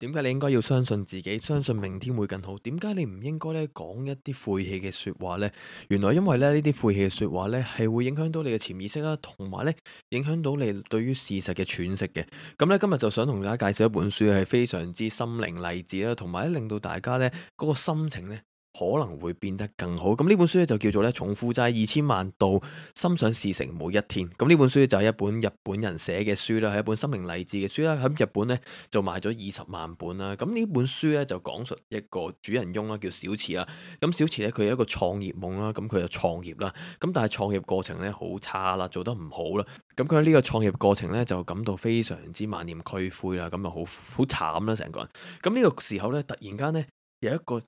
點解你應該要相信自己，相信明天會更好？點解你唔應該咧講一啲晦氣嘅說話呢？原來因為咧呢啲晦氣嘅說話咧係會影響到你嘅潛意識啦，同埋咧影響到你對於事實嘅詮釋嘅。咁咧今日就想同大家介紹一本書，係非常之心靈勵志啦，同埋咧令到大家咧嗰個心情咧。可能會變得更好。咁呢本書咧就叫做咧《重負債二千萬到心想事成每一天》。咁呢本書就係一本日本人寫嘅書啦，係一本心靈勵志嘅書啦。喺日本呢，就賣咗二十萬本啦。咁呢本書呢，就講述一個主人翁啦，叫小池啦。咁小池呢，佢有一個創業夢啦，咁佢就創業啦。咁但係創業過程呢，好差啦，做得唔好啦。咁佢喺呢個創業過程呢，就感到非常之萬念俱灰啦，咁又好好慘啦，成個人。咁呢個時候呢，突然間呢，有一個。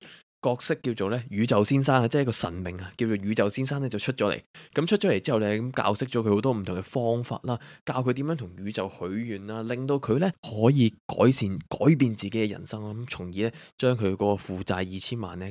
角色叫做呢宇宙先生啊，即係一個神明啊，叫做宇宙先生呢就出咗嚟，咁出咗嚟之後呢，咁教識咗佢好多唔同嘅方法啦，教佢點樣同宇宙許願啦，令到佢呢可以改善改變自己嘅人生，咁從而呢將佢嗰個負債二千萬呢。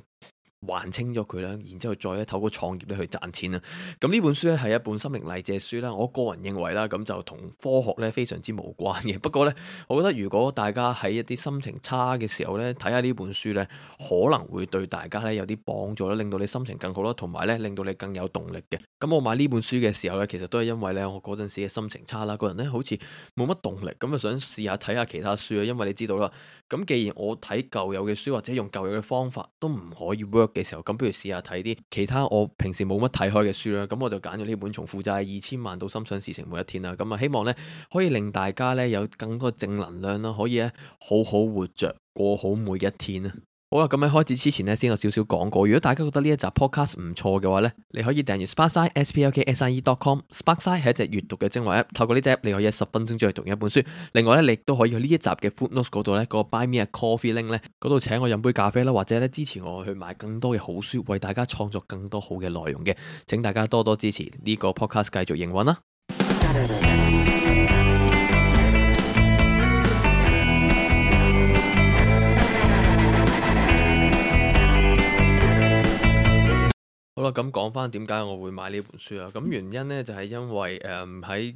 還清咗佢啦，然之後再咧透過創業咧去賺錢啦。咁呢本書咧係一本心靈勵志書啦。我個人認為啦，咁就同科學咧非常之無關嘅。不過咧，我覺得如果大家喺一啲心情差嘅時候咧，睇下呢本書咧，可能會對大家咧有啲幫助啦，令到你心情更好啦，同埋咧令到你更有動力嘅。咁我買呢本書嘅時候咧，其實都係因為咧我嗰陣時嘅心情差啦，個人咧好似冇乜動力，咁啊想試下睇下其他書啊。因為你知道啦，咁既然我睇舊有嘅書或者用舊有嘅方法都唔可以 work。嘅時候，咁不如試下睇啲其他我平時冇乜睇開嘅書啦。咁我就揀咗呢本重負債《從負債二千萬到心想事成每一天》啦。咁啊，希望呢，可以令大家呢有更多正能量啦，可以咧好好活着，過好每一天啦。好啦，啊，咁喺開始之前呢，先有少少講過。如果大家覺得呢一集 podcast 唔錯嘅話呢，你可以訂閱 Sparkside，SPLKSIE.COM。Sparkside 係一隻閱讀嘅精華 app，透過呢隻 app，你可以十分鐘之內讀完一本書。另外呢，你都可以去呢一集嘅 footnotes 嗰度咧，嗰個 buy me a coffee link 呢，嗰度請我飲杯咖啡啦，或者呢支持我去買更多嘅好書，為大家創作更多好嘅內容嘅，請大家多多支持呢，呢個 podcast 繼續營運啦。 好啦，咁講翻點解我會買呢本書啦？咁原因咧就係因為誒喺、嗯、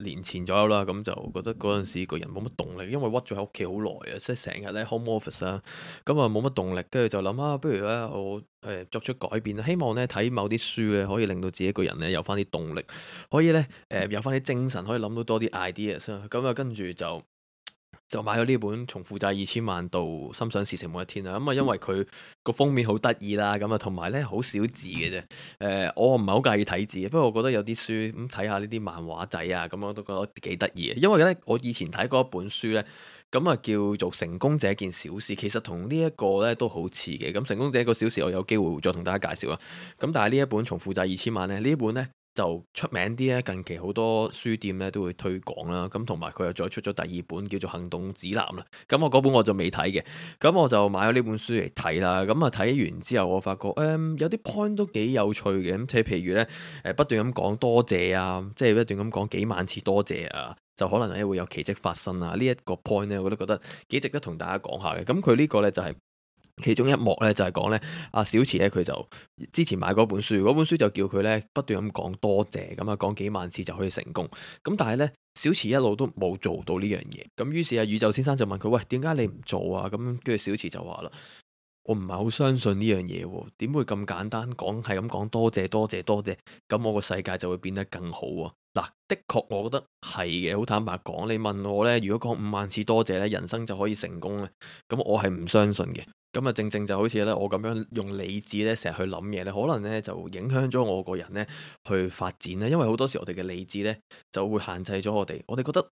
一年前左右啦，咁就覺得嗰陣時個人冇乜動力，因為屈咗喺屋企好耐啊，即係成日咧 home office 啊，咁啊冇乜動力，跟住就諗啊，不如咧我誒作出改變，希望咧睇某啲書咧可以令到自己個人咧有翻啲動力，可以咧誒有翻啲精神，可以諗到多啲 ideas 啊，咁啊跟住就。就買咗呢本《從負債二千萬到心想事成每一天》啦，咁啊，因為佢個封面好得意啦，咁啊，同埋咧好少字嘅啫，誒，我唔係好介意睇字，不過我覺得有啲書咁睇下呢啲漫畫仔啊，咁我都覺得幾得意嘅，因為咧我以前睇過一本書咧，咁啊叫做《成功者一件小事》，其實同呢一個咧都好似嘅，咁《成功者一個小事》我有機會再同大家介紹啦，咁但係呢一本《從負債二千萬》咧呢一本咧。就出名啲咧，近期好多書店咧都會推廣啦。咁同埋佢又再出咗第二本叫做《行動指南》啦。咁我嗰本我就未睇嘅，咁我就買咗呢本書嚟睇啦。咁啊睇完之後，我發覺誒有啲 point 都幾有趣嘅。咁即係譬如咧誒不斷咁講多謝啊，即係不斷咁講幾萬次多謝啊，就可能咧會有奇蹟發生啊。呢一個 point 咧，我都覺得幾值得同大家講下嘅。咁佢呢個咧就係。其中一幕咧就係講咧，阿小慈咧，佢就之前買過本書，嗰本書就叫佢咧不斷咁講多謝咁啊，講幾萬次就可以成功。咁但係咧小慈一路都冇做到呢樣嘢。咁於是阿宇宙先生就問佢：喂，點解你唔做啊？咁跟住小慈就話啦：我唔係好相信呢樣嘢，點會咁簡單講係咁講多謝多謝多謝，咁我個世界就會變得更好喎。嗱，的確我覺得係嘅，好坦白講，你問我咧，如果講五萬次多謝咧，人生就可以成功咧，咁、嗯、我係唔相信嘅。咁啊，正正就好似咧，我咁樣用理智咧，成日去諗嘢咧，可能咧就影響咗我個人咧去發展咧。因為好多時我哋嘅理智咧就會限制咗我哋，我哋覺得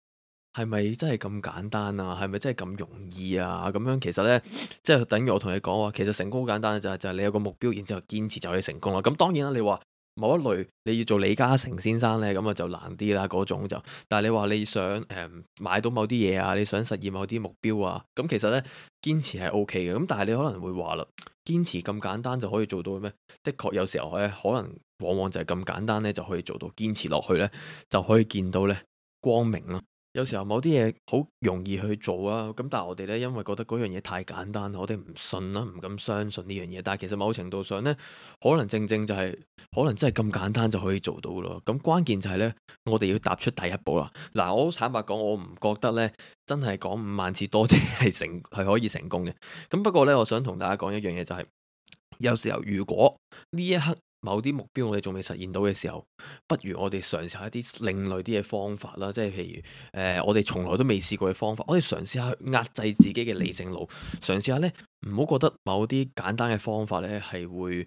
係咪真係咁簡單啊？係咪真係咁容易啊？咁樣其實咧，即係等於我同你講話，其實成功好簡單啊，就係就係你有個目標，然之後堅持就可以成功啦。咁當然啦，你話。某一類你要做李嘉誠先生呢，咁啊就難啲啦嗰種就，但係你話你想誒、嗯、買到某啲嘢啊，你想實現某啲目標啊，咁其實呢，堅持係 OK 嘅，咁但係你可能會話啦，堅持咁簡單就可以做到咩？的確有時候呢，可能往往就係咁簡單呢，就可以做到，堅持落去呢，就可以見到呢光明咯。有時候某啲嘢好容易去做啊，咁但係我哋咧，因為覺得嗰樣嘢太簡單，我哋唔信啦，唔敢相信呢樣嘢。但係其實某程度上咧，可能正正就係、是、可能真係咁簡單就可以做到咯。咁關鍵就係咧，我哋要踏出第一步啦。嗱，我坦白講，我唔覺得咧真係講五萬次多啲係成係可以成功嘅。咁不過咧，我想同大家講一樣嘢就係、是，有時候如果呢一刻。某啲目標我哋仲未實現到嘅時候，不如我哋嘗試下一啲另類啲嘅方法啦，即係譬如誒、呃，我哋從來都未試過嘅方法，我哋嘗試下去壓制自己嘅理性腦，嘗試下呢唔好覺得某啲簡單嘅方法呢係會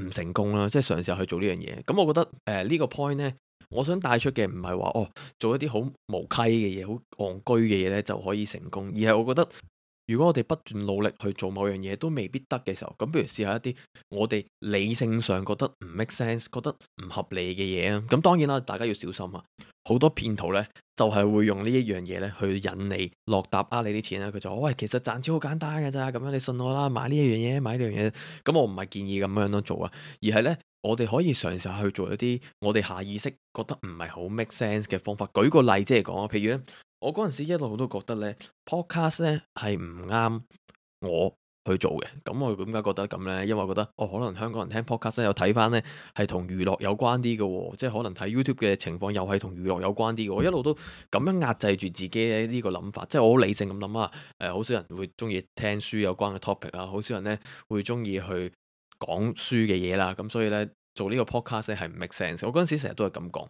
唔成功啦，即係嘗試下去做呢樣嘢。咁、嗯、我覺得誒呢、呃這個 point 呢，我想帶出嘅唔係話哦做一啲好無稽嘅嘢、好戇居嘅嘢呢就可以成功，而係我覺得。如果我哋不斷努力去做某樣嘢都未必得嘅時候，咁不如試下一啲我哋理性上覺得唔 make sense、覺得唔合理嘅嘢啊！咁當然啦，大家要小心啊！好多騙徒呢，就係會用呢一樣嘢咧去引你落搭啊你啲錢啊！佢就話喂，其實賺錢好簡單㗎咋，咁樣你信我啦，買呢樣嘢，買呢樣嘢。咁我唔係建議咁樣樣做啊，而係呢，我哋可以嘗試下去做一啲我哋下意識覺得唔係好 make sense 嘅方法。舉個例即係講啊，譬如咧。我嗰陣時一路都覺得呢 podcast 呢係唔啱我去做嘅。咁我點解覺得咁呢？因為我覺得哦，可能香港人聽 podcast 又睇翻呢係同娛樂有關啲嘅，哦，即係可能睇 YouTube 嘅情況又係同娛樂有關啲嘅。我一路都咁樣壓制住自己呢個諗法，嗯、即係我好理性咁諗啊。誒，好少人會中意聽書有關嘅 topic 啦，好少人呢會中意去講書嘅嘢啦。咁所以呢，做呢個 podcast 咧係唔 make sense。我嗰陣時成日都係咁講。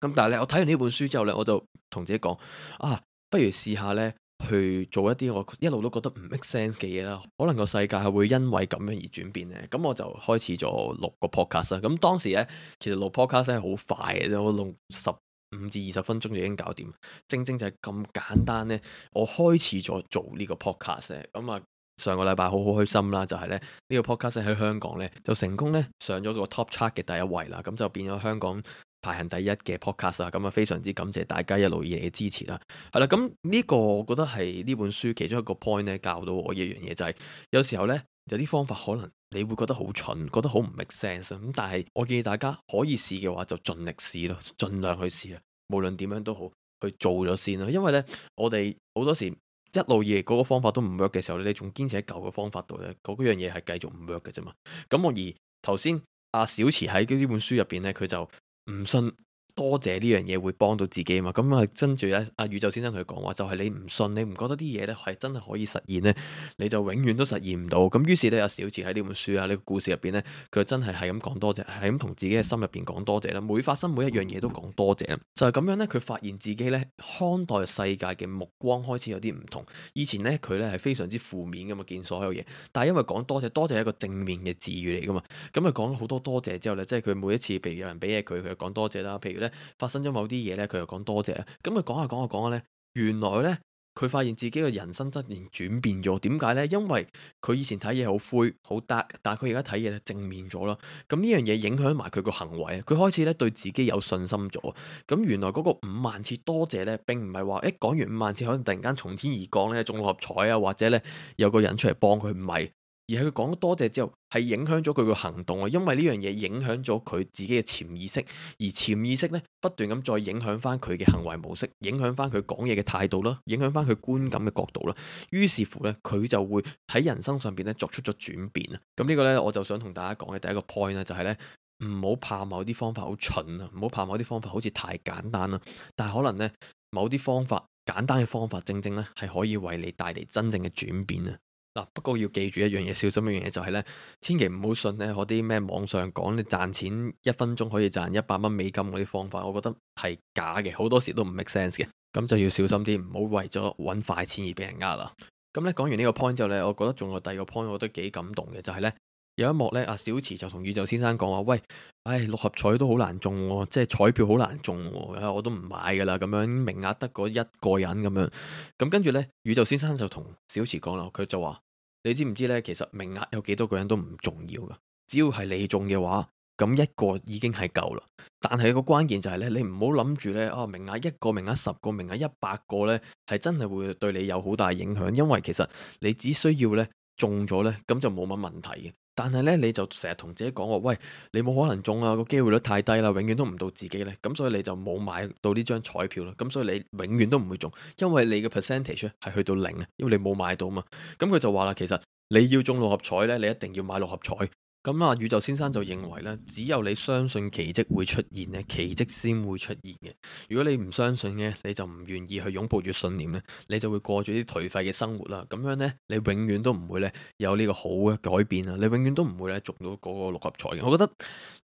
咁但係咧，我睇完呢本書之後咧，我就同自己講啊，不如試下咧去做一啲我一路都覺得唔 make sense 嘅嘢啦。可能個世界係會因為咁樣而轉變咧。咁我就開始咗六個 podcast 啦。咁當時咧，其實錄 podcast 係好快嘅啫，我錄十五至二十分鐘就已經搞掂，正正就係咁簡單咧。我開始咗做呢個 podcast。咁啊，上個禮拜好好開心啦，就係咧呢個 podcast 喺香港咧就成功咧上咗個 top chart 嘅第一位啦。咁就變咗香港。排行第一嘅 podcast 啊，咁啊非常之感謝大家一路以嚟嘅支持啦，係啦，咁呢個我覺得係呢本書其中一個 point 咧，教到我一樣嘢就係、是，有時候呢，有啲方法可能你會覺得好蠢，覺得好唔 make sense 咁，但係我建議大家可以試嘅話就盡力試咯，盡量去試啊，無論點樣都好，去做咗先咯，因為呢，我哋好多時一路以嚟嗰個方法都唔 work 嘅時候，你仲堅持喺舊嘅方法度、那個、呢，嗰幾樣嘢係繼續唔 work 嘅啫嘛，咁我而頭先阿小慈喺呢本書入邊呢，佢就。唔信。多謝呢樣嘢會幫到自己嘛？咁啊，跟住咧，阿宇宙先生佢講話就係、是、你唔信，你唔覺得啲嘢咧係真係可以實現咧，你就永遠都實現唔到。咁於是咧，有小詞喺呢本書啊，呢、這個故事入邊咧，佢真係係咁講多謝，係咁同自己嘅心入邊講多謝啦。每發生每一樣嘢都講多謝啦，就係、是、咁樣咧，佢發現自己咧看待世界嘅目光開始有啲唔同。以前咧，佢咧係非常之負面咁啊，見所有嘢。但係因為講多謝，多謝係一個正面嘅詞語嚟噶嘛，咁佢講咗好多多謝之後咧，即係佢每一次譬如有人俾嘢佢，佢就講多謝啦。譬如咧發生咗某啲嘢咧，佢就講多謝。咁佢講下講下講下咧，原來咧佢發現自己嘅人生質然轉變咗，點解咧？因為佢以前睇嘢好灰好 dark，但係佢而家睇嘢咧正面咗啦。咁呢樣嘢影響埋佢個行為，佢開始咧對自己有信心咗。咁原來嗰個五萬次多謝咧，並唔係話誒講完五萬次可能突然間從天而降咧中六合彩啊，或者咧有個人出嚟幫佢，唔係。而係佢講多謝之後，係影響咗佢個行動啊！因為呢樣嘢影響咗佢自己嘅潛意識，而潛意識呢不斷咁再影響翻佢嘅行為模式，影響翻佢講嘢嘅態度啦，影響翻佢觀感嘅角度啦。於是乎呢，佢就會喺人生上邊呢作出咗轉變啊！咁呢個呢，我就想同大家講嘅第一個 point 咧，就係呢：唔好怕某啲方法好蠢啊，唔好怕某啲方法好似太簡單啦，但係可能呢，某啲方法簡單嘅方法，正正呢係可以為你帶嚟真正嘅轉變啊！嗱，不過要記住一樣嘢，小心一樣嘢就係咧，千祈唔好信咧嗰啲咩網上講你賺錢一分鐘可以賺一百蚊美金嗰啲方法，我覺得係假嘅，好多時都唔 make sense 嘅，咁就要小心啲，唔好為咗揾快錢而俾人呃啦。咁咧講完呢個 point 之後咧，我覺得仲有第二個 point，我覺得幾感動嘅，就係咧。有一幕咧，阿小慈就同宇宙先生講話，喂，唉、哎，六合彩都好難中，哦，即係彩票好難中，哦，我都唔買㗎啦。咁樣名額得嗰一個人咁樣，咁跟住呢，宇宙先生就同小慈講啦，佢就話，你知唔知呢？其實名額有幾多個人都唔重要㗎，只要係你中嘅話，咁一個已經係夠啦。但係個關鍵就係呢：「你唔好諗住呢，啊名額一個名額、十個名額一百個呢，係真係會對你有好大影響，因為其實你只需要呢。」中咗呢，咁就冇乜問題嘅。但係呢，你就成日同自己講話，喂，你冇可能中啊，個機會率太低啦，永遠都唔到自己呢。咁所以你就冇買到呢張彩票啦。咁所以你永遠都唔會中，因為你嘅 percentage 係去到零啊，因為你冇買到嘛。咁佢就話啦，其實你要中六合彩呢，你一定要買六合彩。咁啊，宇宙先生就認為咧，只有你相信奇跡會出現咧，奇跡先會出現嘅。如果你唔相信嘅，你就唔願意去擁抱住信念咧，你就會過住啲頹廢嘅生活啦。咁樣咧，你永遠都唔會咧有呢個好嘅改變啊，你永遠都唔會咧做到嗰個六合彩嘅。我覺得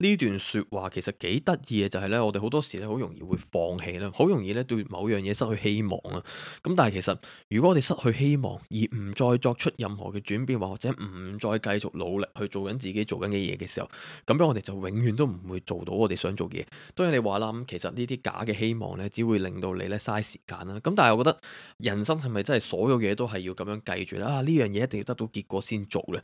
呢段說話其實幾得意嘅，就係咧，我哋好多時咧好容易會放棄啦，好容易咧對某樣嘢失去希望啊。咁但係其實，如果我哋失去希望而唔再作出任何嘅轉變，或者唔再繼續努力去做緊自己做緊嘅嘢嘅時候，咁樣我哋就永遠都唔會做到我哋想做嘅嘢。當然你話啦，咁其實呢啲假嘅希望呢，只會令到你呢嘥時間啦。咁但係我覺得人生係咪真係所有嘢都係要咁樣計住咧？啊呢樣嘢一定要得到結果先做呢？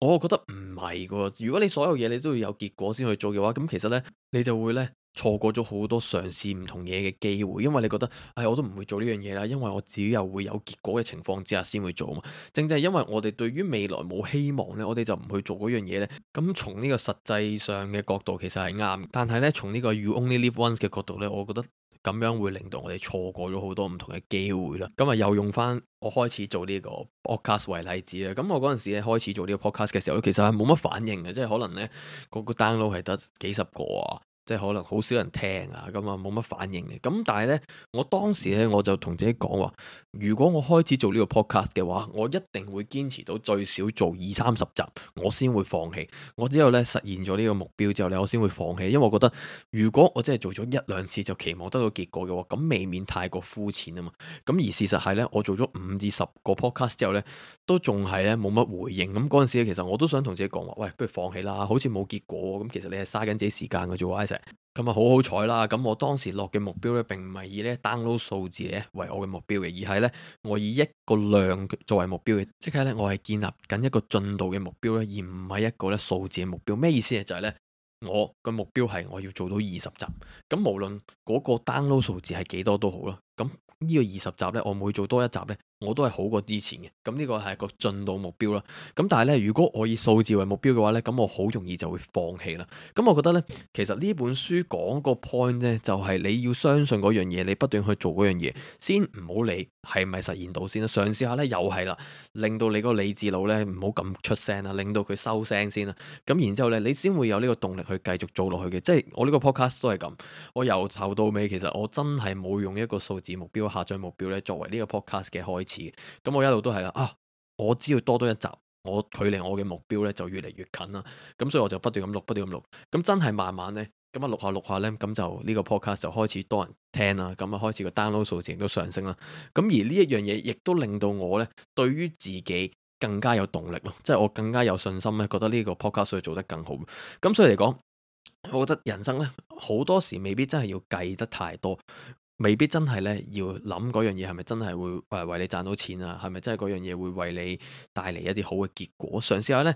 我覺得唔係噶。如果你所有嘢你都要有結果先去做嘅話，咁其實呢，你就會呢。錯過咗好多嘗試唔同嘢嘅機會，因為你覺得，唉、哎，我都唔會做呢樣嘢啦，因為我自己又會有結果嘅情況之下先會做嘛。正正係因為我哋對於未來冇希望呢，我哋就唔去做嗰樣嘢呢。咁從呢個實際上嘅角度，其實係啱。但係呢，從呢個 You Only Live Once 嘅角度呢，我覺得咁樣會令到我哋錯過咗好多唔同嘅機會啦。咁啊，又用翻我開始做呢個 podcast 為例子啦。咁我嗰陣時開始做呢個 podcast 嘅時候，其實係冇乜反應嘅，即係可能呢個個 download 係得幾十個啊。即係可能好少人聽啊，咁啊冇乜反應嘅。咁但係呢，我當時呢，我就同自己講話：「如果我開始做呢個 podcast 嘅話，我一定會堅持到最少做二三十集，我先會放棄。我之後呢，實現咗呢個目標之後呢，我先會放棄。因為我覺得如果我真係做咗一兩次就期望得到結果嘅話，咁未免太過膚淺啊嘛。咁而事實係呢，我做咗五至十個 podcast 之後呢，都仲係呢冇乜回應。咁嗰陣時呢，其實我都想同自己講話：「喂，不如放棄啦，好似冇結果喎。咁其實你係嘥緊自己時間嘅啫。啊常常咁啊，好好彩啦！咁我當時落嘅目標咧，並唔係以咧 download 數字咧為我嘅目標嘅，而係咧我以一個量作為目標嘅，即係咧我係建立緊一個進度嘅目標咧，而唔係一個咧數字嘅目標。咩意思咧？就係咧我個目標係我要做到二十集，咁無論嗰個 download 數字係幾多都好啦。咁呢個二十集呢，我每做多一集呢，我都係好過之前嘅。咁呢個係個進度目標啦。咁但係呢，如果我以數字為目標嘅話呢，咁我好容易就會放棄啦。咁我覺得呢，其實呢本書講個 point 呢，就係你要相信嗰樣嘢，你不斷去做嗰樣嘢，先唔好理係咪實現到先啦。嘗試下呢又係啦，令到你個理智腦呢唔好咁出聲啦，令到佢收聲先啦。咁然之後呢，你先會有呢個動力去繼續做落去嘅。即係我呢個 podcast 都係咁，我由頭到尾其實我真係冇用一個數字。目標下載目標咧，作為呢個 podcast 嘅開始，咁我一路都係啦啊！我只要多多一集，我距離我嘅目標咧就越嚟越近啦。咁所以我就不斷咁錄，不斷咁錄，咁真係慢慢咧，咁啊錄下錄下咧，咁就呢個 podcast 就開始多人聽啦，咁啊開始個 download 數字都上升啦。咁而呢一樣嘢亦都令到我咧，對於自己更加有動力咯，即係我更加有信心咧，覺得呢個 podcast 可以做得更好。咁所以嚟講，我覺得人生咧好多時未必真係要計得太多。未必真係呢，要諗嗰樣嘢係咪真係會誒為你賺到錢啊？係咪真係嗰樣嘢會為你帶嚟一啲好嘅結果？嘗試下呢。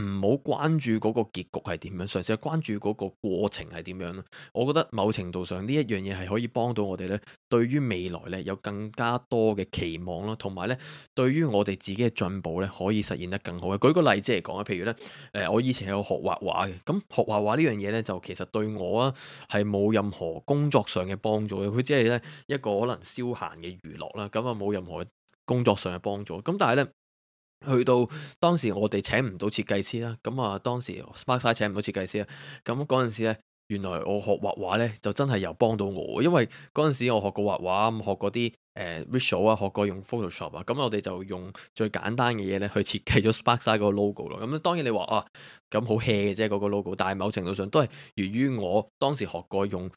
唔好關注嗰個結局係點樣，嘗試去關注嗰個過程係點樣咯。我覺得某程度上呢一樣嘢係可以幫到我哋咧，對於未來咧有更加多嘅期望咯，同埋咧對於我哋自己嘅進步咧可以實現得更好嘅。舉個例子嚟講，譬如咧誒，我以前有學畫畫嘅，咁學畫畫呢樣嘢咧就其實對我啊係冇任何工作上嘅幫助嘅，佢只係咧一個可能消閒嘅娛樂啦，咁啊冇任何工作上嘅幫助。咁但係咧。去到當時我哋請唔到設計師啦，咁啊當時 Sparkside 請唔到設計師啦，咁嗰陣時呢，原來我學畫畫呢，就真係有幫到我，因為嗰陣時我學過畫畫，學過啲誒 Visual 啊，學過用 Photoshop 啊，咁我哋就用最簡單嘅嘢呢，去設計咗 Sparkside 嗰個 logo 咯，咁當然你話啊咁好 hea 嘅啫，嗰個 logo，但係某程度上都係源於我當時學過用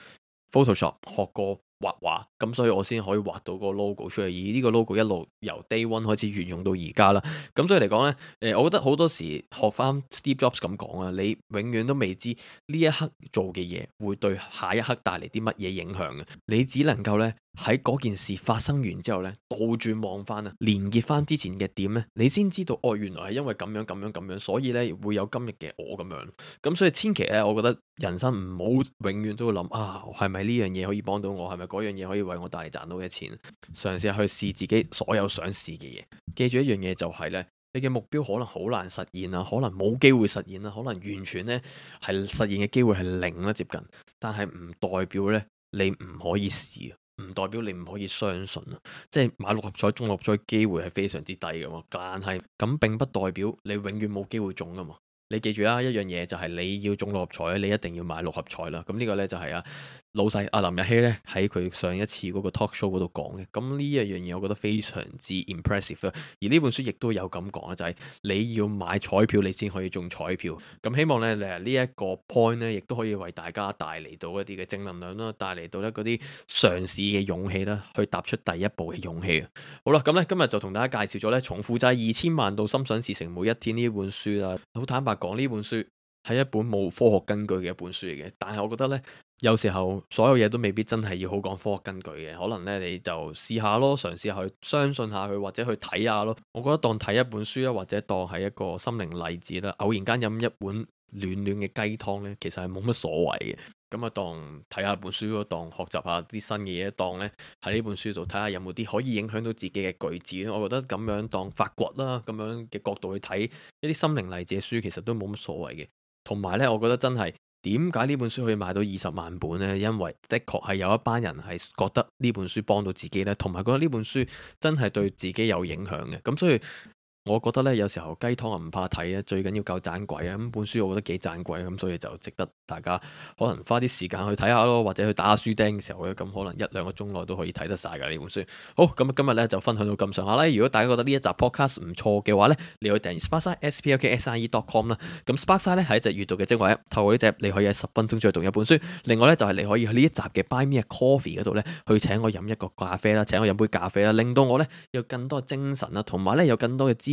Photoshop，學過。畫畫咁，畫畫所以我先可以畫到個 logo 出嚟，而呢個 logo 一路由 day one 開始沿用到而家啦。咁所以嚟講呢，誒，我覺得好多時學翻 Steve Jobs 咁講啊，你永遠都未知呢一刻做嘅嘢會對下一刻帶嚟啲乜嘢影響嘅，你只能夠呢。喺嗰件事發生完之後呢，倒轉望翻啊，連結翻之前嘅點呢？你先知道哦，原來係因為咁樣咁樣咁樣，所以呢會有今日嘅我咁樣。咁所以千祈呢，我覺得人生唔好永遠都會諗啊，係咪呢樣嘢可以幫到我？係咪嗰樣嘢可以為我帶嚟賺到嘅錢？嘗試去試自己所有想試嘅嘢。記住一樣嘢就係、是、呢：你嘅目標可能好難實現啊，可能冇機會實現啊，可能完全呢係實現嘅機會係零啦接近。但係唔代表呢，你唔可以試。唔代表你唔可以相信啊，即係買六合彩中六合彩機會係非常之低噶嘛，但係咁並不代表你永遠冇機會中噶嘛。你記住啦，一樣嘢就係你要中六合彩，你一定要買六合彩啦。咁呢個呢就係啊。老細阿林日希咧喺佢上一次嗰個 talk show 嗰度講嘅，咁呢一樣嘢，我覺得非常之 impressive。而呢本書亦都有咁講嘅，就係你要買彩票，你先可以中彩票。咁希望咧，呢一個 point 咧，亦都可以為大家帶嚟到一啲嘅正能量啦，帶嚟到咧啲嘗試嘅勇氣啦，去踏出第一步嘅勇氣。好啦，咁咧今日就同大家介紹咗咧《從負債二千萬到心想事成每一天》呢本書啦。好坦白講，呢本書係一本冇科學根據嘅一本書嚟嘅，但係我覺得咧。有時候所有嘢都未必真係要好講科學根據嘅，可能呢，你就試下咯，嘗試去相信下佢，或者去睇下咯。我覺得當睇一本書啊，或者當係一個心靈勵志啦，偶然間飲一碗暖暖嘅雞湯呢，其實係冇乜所謂嘅。咁啊，當睇下本書咯，當學習下啲新嘅嘢，當呢，喺呢本書度睇下有冇啲可以影響到自己嘅句子，我覺得咁樣當發掘啦，咁樣嘅角度去睇一啲心靈勵志嘅書，其實都冇乜所謂嘅。同埋呢，我覺得真係。點解呢本書可以賣到二十萬本呢？因為的確係有一班人係覺得呢本書幫到自己咧，同埋覺得呢本書真係對自己有影響嘅，咁所以。我覺得咧，有時候雞湯又唔怕睇啊，最緊要夠盞鬼啊！咁本書我覺得幾盞鬼，咁所以就值得大家可能花啲時間去睇下咯，或者去打下書釘嘅時候咧，咁可能一兩個鐘內都可以睇得晒噶呢本書。好，咁今日咧就分享到咁上下啦。如果大家覺得呢一集 podcast 唔錯嘅話咧，你可以訂閱 sparkside.spkse.com 啦 Sp。咁 sparkside 咧係一隻閱讀嘅精華 app，透過呢隻你可以喺十分鐘之內讀一本書。另外咧就係、是、你可以喺呢一集嘅 buy me a coffee 嗰度咧去請我飲一個咖啡啦，請我飲杯咖啡啦，令到我咧有更多精神啦，同埋咧有更多嘅資。